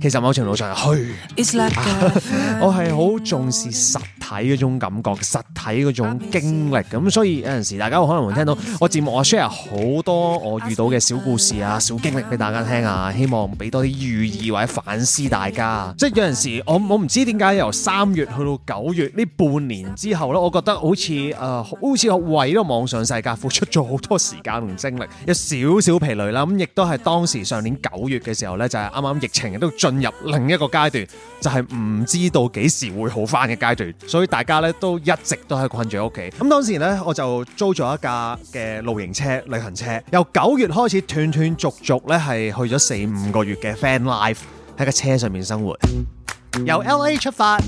其實某程度上虛、啊，我係好重視實體嗰種感覺，實體嗰種經歷咁，所以有陣時大家可能會聽到我節目我 share 好多我遇到嘅小故事啊、小經歷俾大家聽啊，希望俾多啲寓意或者反思大家。即係有陣時我我唔知點解由三月去到九月呢半年之後咧，我覺得好似誒、呃、好似為咗個網上世界付出咗好多時間同精力，有少少疲累啦。咁亦都係當時上年九月嘅時候咧，就係啱啱疫情都進入另一個階段，就係唔知道幾時會好翻嘅階段，所以大家咧都一直都喺困住屋企。咁當時咧，我就租咗一架嘅露營車、旅行車，由九月開始斷斷續續咧係去咗四五個月嘅 Fan Life 喺個車上面生活，由 L A 出發，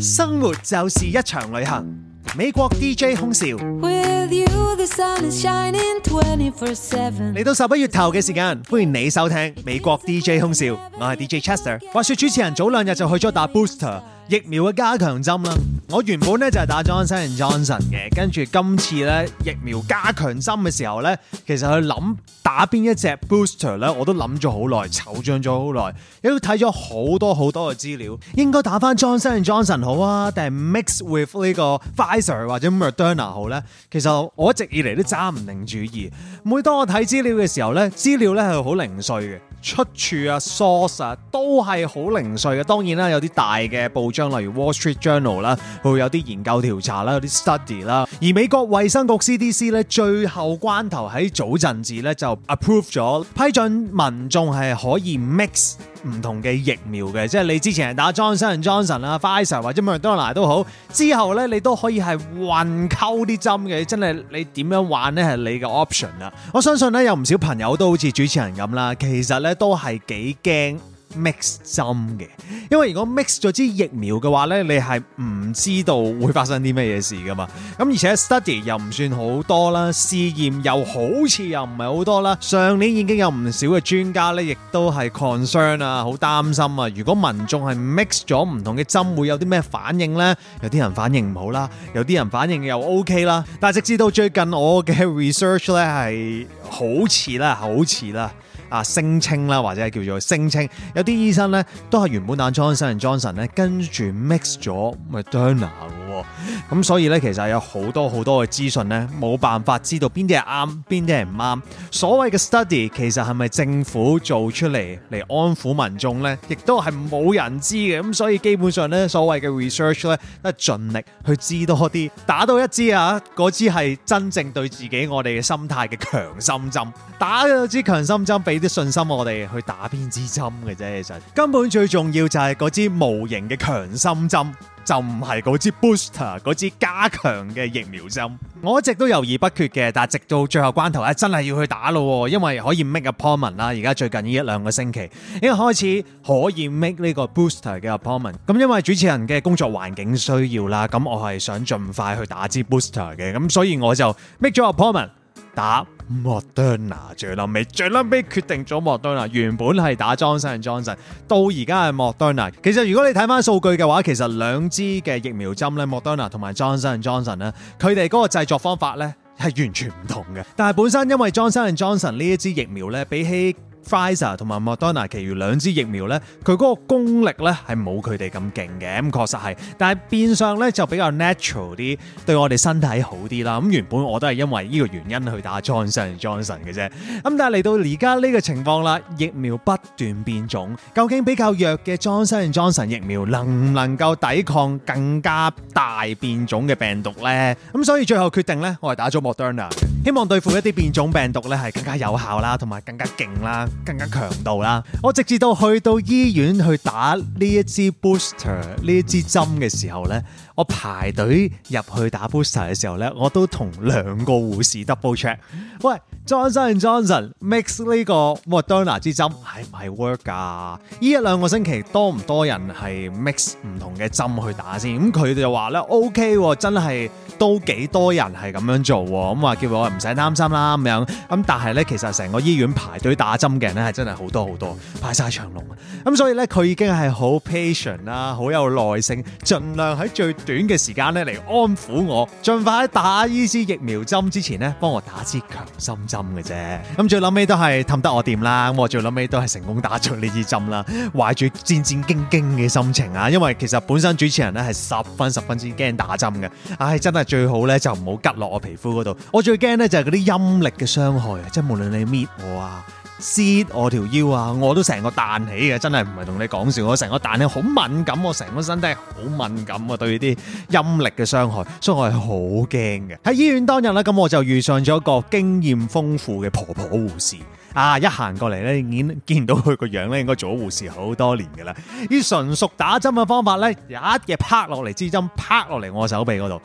生活就是一場旅行。美國 DJ 空少，嚟到十一月頭嘅時間，歡迎你收聽美國 DJ 空少。我係 DJ Chester。話說主持人早兩日就去咗打 Booster。疫苗嘅加強針啦，我原本咧就係打 Johnson and Johnson 嘅，跟住今次咧疫苗加強針嘅時候咧，其實佢諗打邊一隻 booster 咧，我都諗咗好耐，丑張咗好耐，亦都睇咗好多好多嘅資料，應該打翻 Johnson and Johnson 好啊，定係 mix with 呢個 Pfizer 或者 Moderna 好咧？其實我一直以嚟都揸唔定主意，每當我睇資料嘅時候咧，資料咧係好零碎嘅，出處啊 source 啊都係好零碎嘅，當然啦，有啲大嘅報章。例如 Wall Street Journal 啦，會有啲研究調查啦，有啲 study 啦。而美國衞生局 CDC 咧，最後關頭喺早陣時咧就 approve 咗批准民眾係可以 mix 唔同嘅疫苗嘅，即係你之前係打 Johnson and Johnson 啦、Pfizer 或者 Moderna 都係都好，之後咧你都可以係混溝啲針嘅，真係你點樣玩咧係你嘅 option 啦。我相信咧有唔少朋友都好似主持人咁啦，其實咧都係幾驚。mix 針嘅，因為如果 mix 咗支疫苗嘅話呢你係唔知道會發生啲咩嘢事㗎嘛。咁而且 study 又唔算好多啦，試驗又好似又唔係好多啦。上年已經有唔少嘅專家呢，亦都係 concern 啊，好擔心啊。如果民眾係 mix 咗唔同嘅針，會有啲咩反應呢？有啲人反應唔好啦，有啲人反應又 OK 啦。但係直至到最近，我嘅 research 呢係好遲啦，好遲啦。啊，聲稱啦，或者係叫做聲稱，有啲醫生咧都係原本打 Johnson & Johnson 咧，跟住 mix 咗 Moderna 咁、嗯、所以呢，其實有好多好多嘅資訊呢，冇辦法知道邊啲係啱，邊啲係唔啱。所謂嘅 study，其實係咪政府做出嚟嚟安撫民眾呢？亦都係冇人知嘅。咁所以基本上呢，所謂嘅 research 呢，都係盡力去知多啲，打到一支啊，嗰支係真正對自己我哋嘅心態嘅強心針，打咗支強心針，俾啲信心我哋去打邊支針嘅啫。其實根本最重要就係嗰支無形嘅強心針。就唔係嗰支 booster，嗰支加強嘅疫苗針，我一直都猶豫不決嘅。但係直到最後關頭咧、啊，真係要去打咯，因為可以 make appointment 啦。而家最近呢一兩個星期應該開始可以 make 呢個 booster 嘅 appointment。咁因為主持人嘅工作環境需要啦，咁我係想盡快去打支 booster 嘅，咁所以我就 make 咗 appointment 打。莫登納，最臨尾最臨尾，決定咗莫登納。原本係打 Johnson & Johnson，到而家係莫登納。其實如果你睇返數據嘅話，其實兩支嘅疫苗針咧，莫登納同埋 Johnson & Johnson 咧，佢哋嗰個製作方法咧係完全唔同嘅。但係本身因為 Johnson & Johnson 呢一支疫苗咧，比起 Pfizer 同埋 Moderna，其餘兩支疫苗咧，佢嗰個功力咧係冇佢哋咁勁嘅，咁確實係。但係變相咧就比較 natural 啲，對我哋身體好啲啦。咁原本我都係因為呢個原因去打 Johnson and Johnson 嘅啫。咁但係嚟到而家呢個情況啦，疫苗不斷變種，究竟比較弱嘅 Johnson and Johnson 疫苗能唔能夠抵抗更加大變種嘅病毒咧？咁所以最後決定咧，我係打咗 Moderna，希望對付一啲變種病毒咧係更加有效啦，同埋更加勁啦。更加強度啦！我直至到去到醫院去打呢一支 booster 呢一支針嘅時候呢。我排隊入去打 booster 嘅時候咧，我都同兩個護士 double check 喂，喂，Johnson Johnson mix 呢個 Moderna 支針係唔係 work 㗎？依一兩個星期多唔多人係 mix 唔同嘅針去打先？咁佢哋就話咧，OK、哦、真係都幾多人係咁樣做。咁、嗯、話叫我唔使擔心啦咁樣。咁但係咧，其實成個醫院排隊打針嘅人咧係真係好多好多，排曬長龍。咁、嗯、所以咧，佢已經係好 patient 啦，好有耐性，儘量喺最短短嘅時間咧嚟安撫我，盡快喺打呢支疫苗針之前咧，幫我打支強心針嘅啫。咁最諗尾都係氹得我掂啦。咁我最諗尾都係成功打出呢支針啦。懷住戰戰兢兢嘅心情啊，因為其實本身主持人咧係十分十分之驚打針嘅。唉，真係最好咧就唔好拮落我皮膚嗰度。我最驚咧就係嗰啲陰力嘅傷害，啊。即係無論你搣我啊。撕我條腰啊！我都成個彈起嘅，真係唔係同你講笑，我成個彈起好敏感，我成個身體好敏感啊，對啲音力嘅傷害，所以我係好驚嘅。喺醫院當日呢，咁我就遇上咗一個經驗豐富嘅婆婆護士啊！一行過嚟呢，已經見到佢個樣呢，應該做咗護士好多年㗎喇。啲純熟打針嘅方法呢，一嘢拍落嚟支針，拍落嚟我手臂嗰度，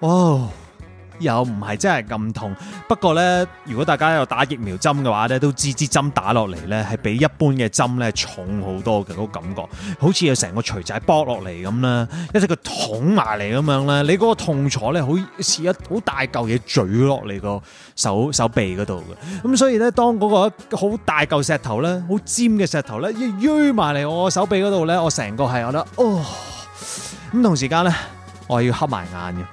哇！又唔係真係咁痛，不過咧，如果大家有打疫苗針嘅話咧，都支支針打落嚟咧，係比一般嘅針咧重好多嘅嗰，那個感覺，好似有成個錘仔剝落嚟咁啦，一隻個捅埋嚟咁樣咧，你嗰個痛楚咧好似一好大嚿嘢墜落嚟個手手，手臂嗰度嘅，咁、嗯、所以咧，當嗰個好大嚿石頭咧，好尖嘅石頭咧，淤埋嚟我手臂嗰度咧，我成個係覺得哦，咁同時間咧，我要黑埋眼嘅。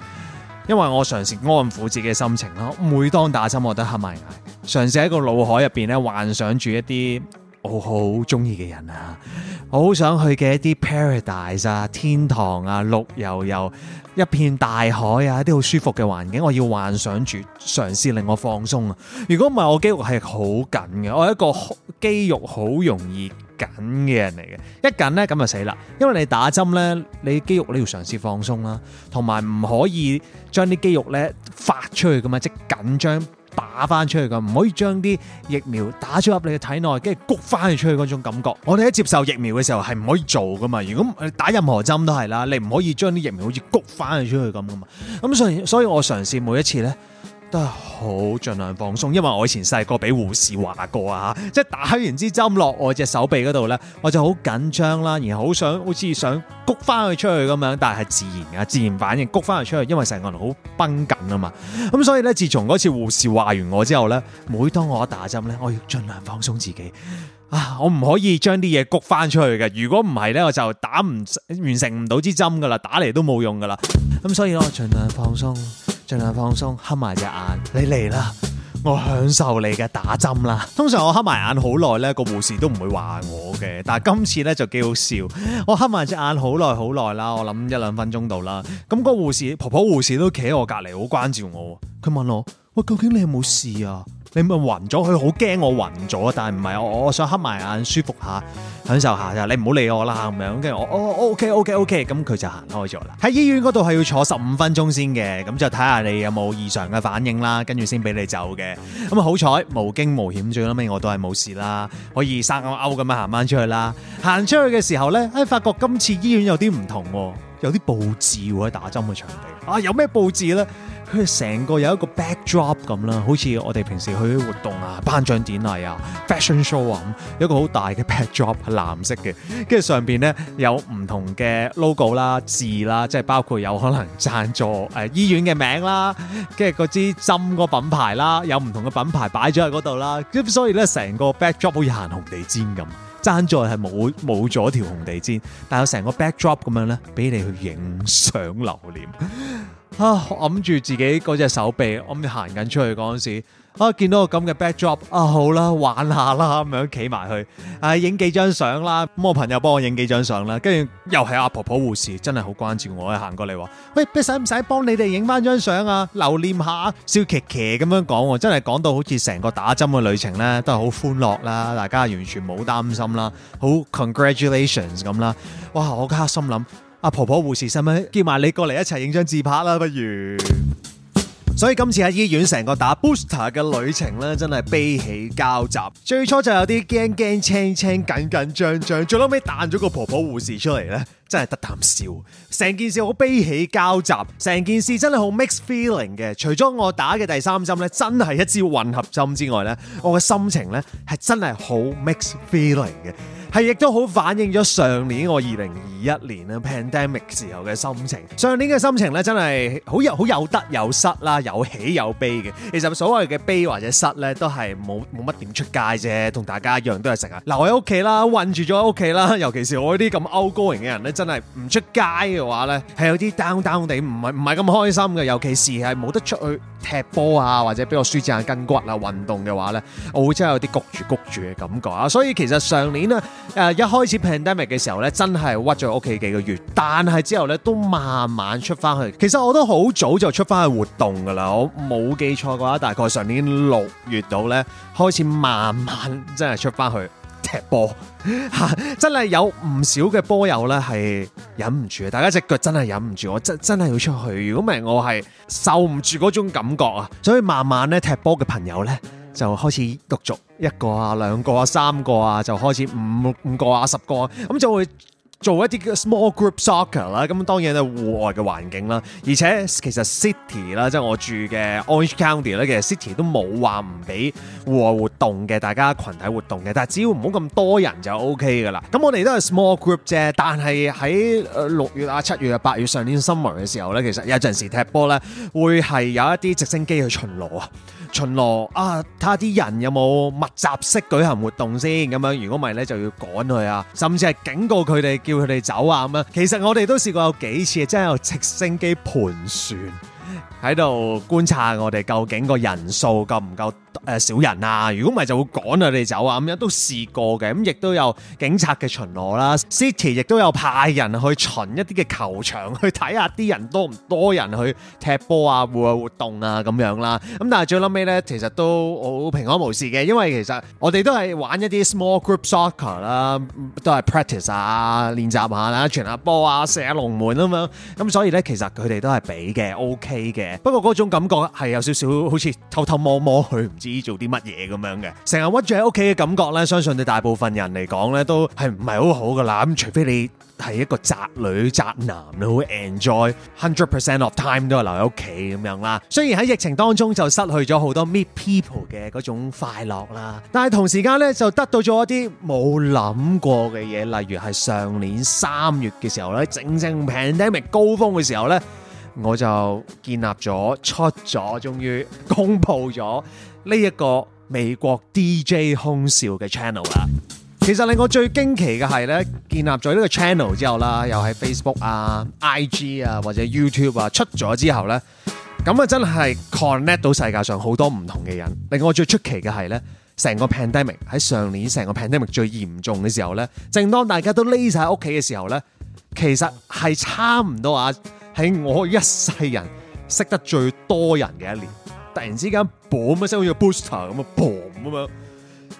因為我嘗試安撫自己嘅心情咯，每當打針我都合埋眼，嘗試喺個腦海入邊咧幻想住一啲我好鍾意嘅人啊～好想去嘅一啲 paradise 啊，天堂啊，綠油油一片大海啊，一啲好舒服嘅環境，我要幻想住，嘗試令我放鬆啊！如果唔係，我肌肉係好緊嘅，我係一個好肌肉好容易緊嘅人嚟嘅，一緊呢咁就死啦！因為你打針呢，你肌肉你要嘗試放鬆啦，啊，同埋唔可以將啲肌肉呢發出去噉啊，即緊張。打翻出去噶，唔可以將啲疫苗打咗入你嘅體內，跟住谷翻佢出去嗰種感覺。我哋喺接受疫苗嘅時候係唔可以做噶嘛。如果打任何針都係啦，你唔可以將啲疫苗好似谷翻佢出去咁噶嘛。咁所以，所以我嘗試每一次呢。都係好盡量放鬆，因為我以前細個俾護士話過啊，即係打完支針落我隻手臂嗰度呢，我就好緊張啦，然後好想好似想谷翻佢出去咁樣，但係自然噶，自然反應谷翻佢出去，因為成個人好繃緊啊嘛。咁所以呢，自從嗰次護士話完我之後呢，每當我打針呢，我要盡量放鬆自己啊，我唔可以將啲嘢谷翻出去嘅。如果唔係呢，我就打唔完成唔到支針噶啦，打嚟，都冇用噶啦。咁所以我盡量放鬆。盡量放鬆，黑埋隻眼。你嚟啦，我享受你嘅打針啦。通常我黑埋眼好耐咧，個護士都唔會話我嘅。但係今次咧就幾好笑，我黑埋隻眼好耐好耐啦，我諗一兩分鐘到啦。咁個護士婆婆護士都企喺我隔籬，好關照我。佢問我：喂，究竟你有冇事啊？你咪暈咗，佢好驚我暈咗，但係唔係，我我，我，我想黑埋眼舒服下，享受下，你唔好理我啦咁樣，跟住我我、oh, OK OK OK，咁佢就行開咗啦。喺醫院嗰度係要坐十五分鐘先嘅，咁就睇下你有冇異常嘅反應啦，跟住先俾你走嘅。咁啊好彩無驚無險，最尾我都係冇事啦，可以生勾勾咁樣行翻出去啦。行出去嘅時候咧，誒發覺今次醫院有啲唔同，有啲布置喺打針嘅場地。啊，有咩布置咧？佢成個有一個 backdrop 咁啦，好似我哋平時去啲活動啊、頒獎典禮啊、fashion show 啊，一個好大嘅 backdrop，藍色嘅，跟住上邊咧有唔同嘅 logo 啦、字啦，即係包括有可能贊助誒、呃、醫院嘅名啦，跟住嗰支針個品牌啦，有唔同嘅品牌擺咗喺嗰度啦，所以咧成個 backdrop 好似行紅地氈咁，贊助係冇冇咗條紅地氈，但有成個 backdrop 咁樣咧，俾你去影相留念。啊！揞住自己嗰隻手臂，揞住行緊出去嗰陣時，啊見到個咁嘅 backdrop，啊好啦，玩下啦咁樣企埋去，啊影幾張相啦、啊，咁、嗯、我朋友幫我影幾張相啦、啊，跟住又係阿婆婆護士，真係好關照我，行過嚟話：喂，使唔使幫你哋影翻張相啊？留念下，笑騎騎咁樣講，真係講到好似成個打針嘅旅程呢，都係好歡樂啦，大家完全冇擔心啦，好 congratulations 咁啦，哇！我家下心諗。阿婆婆護、護士，使唔使叫埋你過嚟一齊影張自拍啦？不如。所以今次喺醫院成個打 booster 嘅旅程咧，真係悲喜交集。最初就有啲驚驚青青、緊緊張張，最後尾彈咗個婆婆護士出嚟咧，真係得啖笑。成件事好悲喜交集，成件事真係好 mix feeling 嘅。除咗我打嘅第三針咧，真係一支混合針之外咧，我嘅心情咧係真係好 mix feeling 嘅，係亦都好反映咗上年我二零二一年啦、啊、pandemic 時候嘅心情。上年嘅心情咧真係好有好有得有失啦。有喜有悲嘅，其實所謂嘅悲或者失呢，都係冇冇乜點出街啫，同大家一樣都係成日留喺屋企啦，困住咗喺屋企啦。尤其是我呢啲咁 outgoing 型嘅人呢，真係唔出街嘅話呢，係有啲 down down 地，唔係唔係咁開心嘅。尤其是係冇得出去，踢波啊，或者俾我舒展下筋骨啊，運動嘅話咧，我會真係有啲谷住谷住嘅感覺啊！所以其實上年咧，誒一開始 pandemic 嘅時候咧，真係屈咗屋企幾個月，但係之後咧都慢慢出翻去。其實我都好早就出翻去活動㗎啦，我冇記錯嘅話，大概上年六月度咧開始慢慢真係出翻去。踢波吓， 真係有唔少嘅波友咧，係忍唔住。大家隻腳真係忍唔住，我真真係要出去。如果唔係，我係受唔住嗰種感覺啊！所以慢慢咧，踢波嘅朋友呢，就開始陸續一個啊、兩個啊、三個啊，就開始五、五個啊、十個啊，咁就會。做一啲 small group soccer 啦，咁當然咧戶外嘅環境啦，而且其實 city 啦，即係我住嘅 Orange County 咧，其實 city 都冇話唔俾戶外活動嘅，大家群體活動嘅，但係只要唔好咁多人就 OK 噶啦。咁我哋都係 small group 啫，但係喺六月啊、七月啊、八月上年 summer 嘅時候咧，其實有陣時踢波咧，會係有一啲直升機去巡邏啊，巡邏啊，睇下啲人有冇密集式舉行活動先，咁樣如果唔係咧就要趕佢啊，甚至係警告佢哋。叫佢哋走啊咁樣，其實我哋都試過有幾次，真係有直升機盤旋。喺度觀察我哋究竟個人數夠唔夠誒少人啊？如果唔係，就會趕我哋走啊！咁樣都試過嘅，咁亦都有警察嘅巡邏啦。City 亦都有派人去巡一啲嘅球場，去睇下啲人多唔多人去踢波啊、戶外活動啊咁樣啦。咁但係最後尾咧，其實都好平安無事嘅，因為其實我哋都係玩一啲 small group soccer 啦，都係 practice 啊、練習下啦、傳下波啊、射下龍門啊咁樣。咁所以咧，其實佢哋都係俾嘅，OK 嘅。不過嗰種感覺係有少少好似偷偷摸摸去，唔知做啲乜嘢咁樣嘅，成日屈住喺屋企嘅感覺咧，相信對大部分人嚟講咧，都係唔係好好噶啦。咁除非你係一個宅女宅男，你好 enjoy hundred percent of time 都係留喺屋企咁樣啦。雖然喺疫情當中就失去咗好多 meet people 嘅嗰種快樂啦，但係同時間咧就得到咗一啲冇諗過嘅嘢，例如係上年三月嘅時候咧，正正 pandemic 高峰嘅時候咧。我就建立咗出咗，終於公佈咗呢一個美國 DJ 空少嘅 channel 啦。其實令我最驚奇嘅係呢，建立咗呢個 channel 之後啦，又喺 Facebook 啊、IG 啊或者 YouTube 啊出咗之後呢，咁啊真係 connect 到世界上好多唔同嘅人。令我最出奇嘅係呢，成個 pandemic 喺上年成個 pandemic 最嚴重嘅時候呢，正當大家都匿曬屋企嘅時候呢，其實係差唔多啊。喺我一世人識得最多人嘅一年，突然之間，boom 一聲好似個 booster 咁樣，boom 咁樣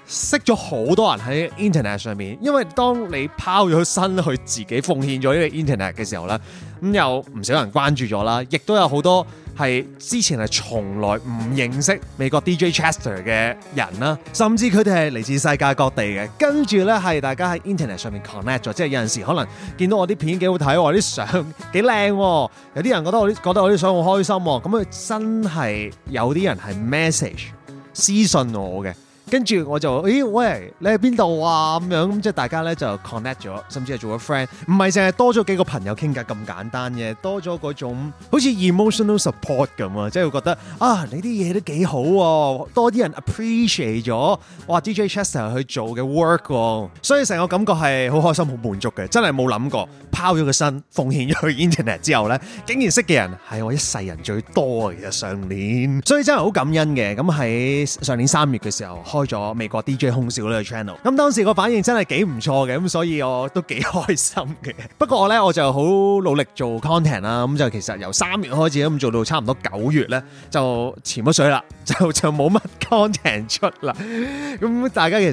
識咗好多人喺 internet 上面。因為當你拋咗身去自己奉獻咗呢個 internet 嘅時候咧，咁有唔少人關注咗啦，亦都有好多。係之前係從來唔認識美國 DJ Chester 嘅人啦，啊，甚至佢哋係嚟自世界各地嘅。跟住呢，係大家喺 Internet 上面 connect 咗，即係有陣時可能見到我啲片幾好睇，啲相幾靚。有啲人覺得我啲覺得我啲相好開心，咁佢真係有啲人係 message 私信我嘅。跟住我就，咦喂，你喺邊度啊？咁樣咁即係大家咧就 connect 咗，甚至係做咗 friend，唔係淨係多咗幾個朋友傾偈咁簡單嘅，多咗嗰種好似 emotional support 咁啊！即係會覺得啊，你啲嘢都幾好，多啲人 appreciate 咗，哇！DJ Chester 去做嘅 work，所以成個感覺係好開心、好滿足嘅，真係冇諗過拋咗個身，奉獻咗去 internet 之後咧，竟然識嘅人係我一世人最多嘅，其實上年，所以真係好感恩嘅。咁喺上年三月嘅時候。開咗美國 DJ 空少呢個 channel，咁當時個反應真係幾唔錯嘅，咁所以我都幾開心嘅。不過我咧我就好努力做 content 啦，咁就其實由三月開始咁做到差唔多九月咧，就潛咗水啦，就就冇乜 content 出啦。咁大家其實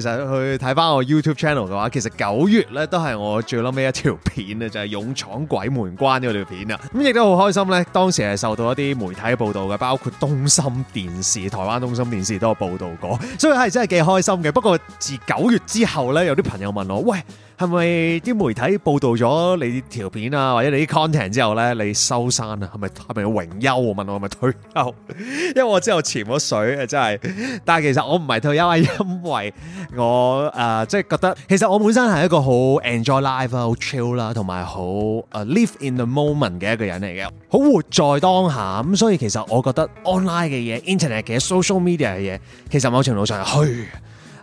去睇翻我 YouTube channel 嘅話，其實九月咧都係我最撈尾一條片啊，就是，就係勇闖鬼門關嗰條片啊。咁亦都好開心咧，當時係受到一啲媒體報道嘅，包括東森電視、台灣東森電視都有報道過，所以係。真係幾開心嘅。不過自九月之後呢，有啲朋友問我：喂，係咪啲媒體報道咗你條片啊，或者你啲 content 之後呢，你收山啊？係咪係咪要榮休？問我係咪退休？因為我之後潛咗水啊，真係。但係其實我唔係退休，係因為我誒即係覺得其實我本身係一個好 enjoy life、好 chill 啦，同埋好誒 live in the moment 嘅一個人嚟嘅，好活在當下。咁所以其實我覺得 online 嘅嘢、internet 嘅 social media 嘅嘢，其實某程度上係。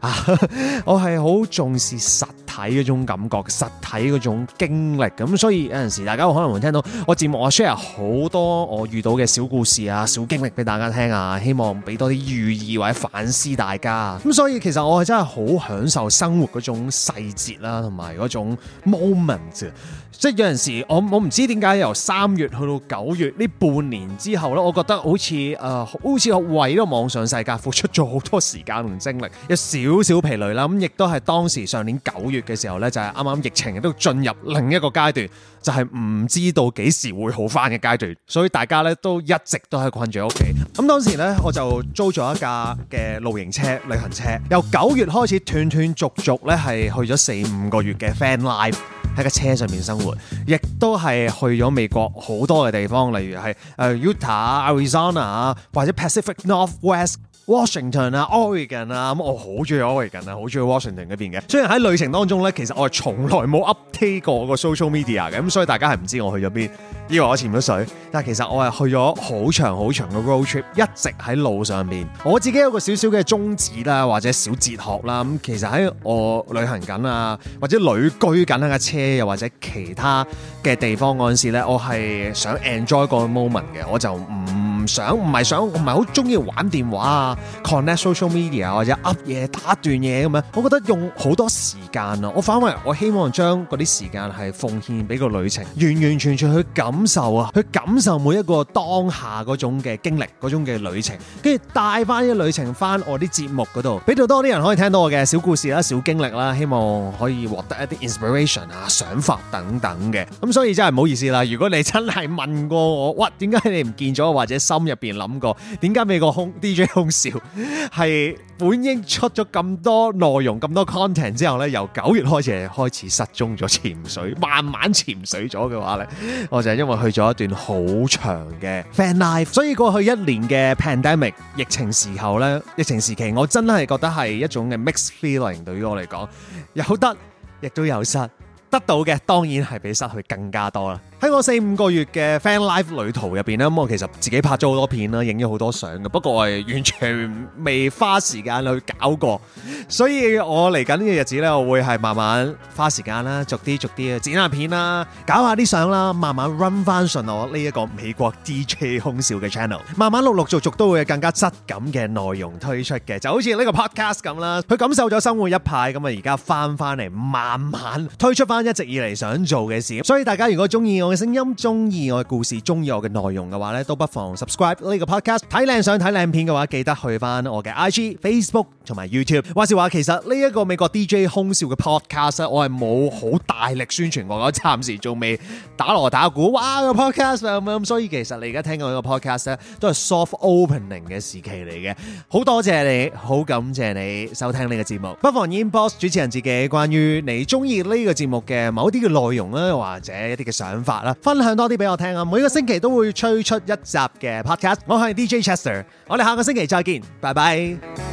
啊， 我係好重視實睇嗰種感覺，實體嗰種經歷歷，咁所以有陣時大家可能會聽到我節目我 share 好多我遇到嘅小故事啊、小經歷俾大家聽啊，希望俾多啲寓意或者反思大家。咁所以其實我係真係好享受生活嗰種細節啦，同埋嗰種 moment。即係有陣時，我我唔知點解由三月去到九月呢半年之後咧，我覺得好似誒、呃，好似為呢個網上世界付出咗好多時間同精力，有少少疲累啦。咁亦都係當時上年九月。嘅時候呢，就係啱啱疫情亦都進入另一個階段，就係唔知道幾時會好翻嘅階段，所以大家呢，都一直都喺困住喺屋企。咁當時呢，我就租咗一架嘅露營車、旅行車，由九月開始斷斷續續呢，係去咗四五個月嘅 van life 喺架車上面生活，亦都係去咗美國好多嘅地方，例如係誒 Utah、Arizona 或者 Pacific Northwest。Washington 啊，Oregon 啊，咁我好中意 Oregon 啊，好中意 Washington 嗰邊嘅。雖然喺旅程當中咧，其實我係從來冇 update 過個 social media 嘅，咁所以大家係唔知我去咗邊，以為我潛咗水，但係其實我係去咗好長好長嘅 road trip，一直喺路上邊。我自己有個少少嘅宗旨啦，或者小哲學啦，咁其實喺我旅行緊啊，或者旅居緊喺架車又或者其他嘅地方陣時咧，我係想 enjoy 個 moment 嘅，我就唔。唔想，唔係想，我唔係好中意玩電話啊，connect social media 或者 up 嘢打段嘢咁樣。我覺得用好多時間咯。我反為我希望將嗰啲時間係奉獻俾個旅程，完完全全去感受啊，去感受每一個當下嗰種嘅經歷，嗰種嘅旅程，跟住帶翻啲旅程翻我啲節目嗰度，俾到多啲人可以聽到我嘅小故事啦、小經歷啦，希望可以獲得一啲 inspiration 啊、想法等等嘅。咁所以真係唔好意思啦，如果你真係問過我，喂，點解你唔見咗或者新？心入邊諗過，點解你個空 DJ 空少係本應出咗咁多內容、咁多 content 之後咧，由九月開始開始失蹤咗、潛水、慢慢潛水咗嘅話咧，我就係因為去咗一段好長嘅 fan life，所以過去一年嘅 pandemic 疫情時候咧、疫情時期，我真係覺得係一種嘅 mix feeling。對於我嚟講，有得亦都有失，得到嘅當然係比失去更加多啦。喺我四五個月嘅 fan life 旅途入邊咧，咁我其實自己拍咗好多片啦，影咗好多相嘅。不過係完全未花時間去搞過，所以我嚟緊呢個日子咧，我會係慢慢花時間啦，逐啲逐啲剪下片啦，搞下啲相啦，慢慢 run 翻順我呢一個美國 DJ 空少嘅 channel，慢慢陸陸續續都會有更加質感嘅內容推出嘅。就好似呢個 podcast 咁啦，佢感受咗生活一派，咁啊而家翻翻嚟，慢慢推出翻一直以嚟想做嘅事。所以大家如果中意我。聲音、中意我嘅故事，中意我嘅內容嘅話咧，都不妨 subscribe 呢個 podcast。睇靚相、睇靚片嘅話，記得去翻我嘅 IG、Facebook 同埋 YouTube。話是話，其實呢一個美國 DJ 空少嘅 podcast，我係冇好大力宣傳過，我暫時仲未打鑼打鼓。哇，個 podcast 咁樣，所以其實你而家聽我呢個 podcast 咧，都係 soft opening 嘅時期嚟嘅。好多謝你，好感謝你收聽呢個節目，不妨 inbox 主持人自己關於你中意呢個節目嘅某啲嘅內容啊，又或者一啲嘅想法。分享多啲俾我聽啊！每個星期都會推出一集嘅 podcast，我係 DJ Chester，我哋下個星期再見，拜拜。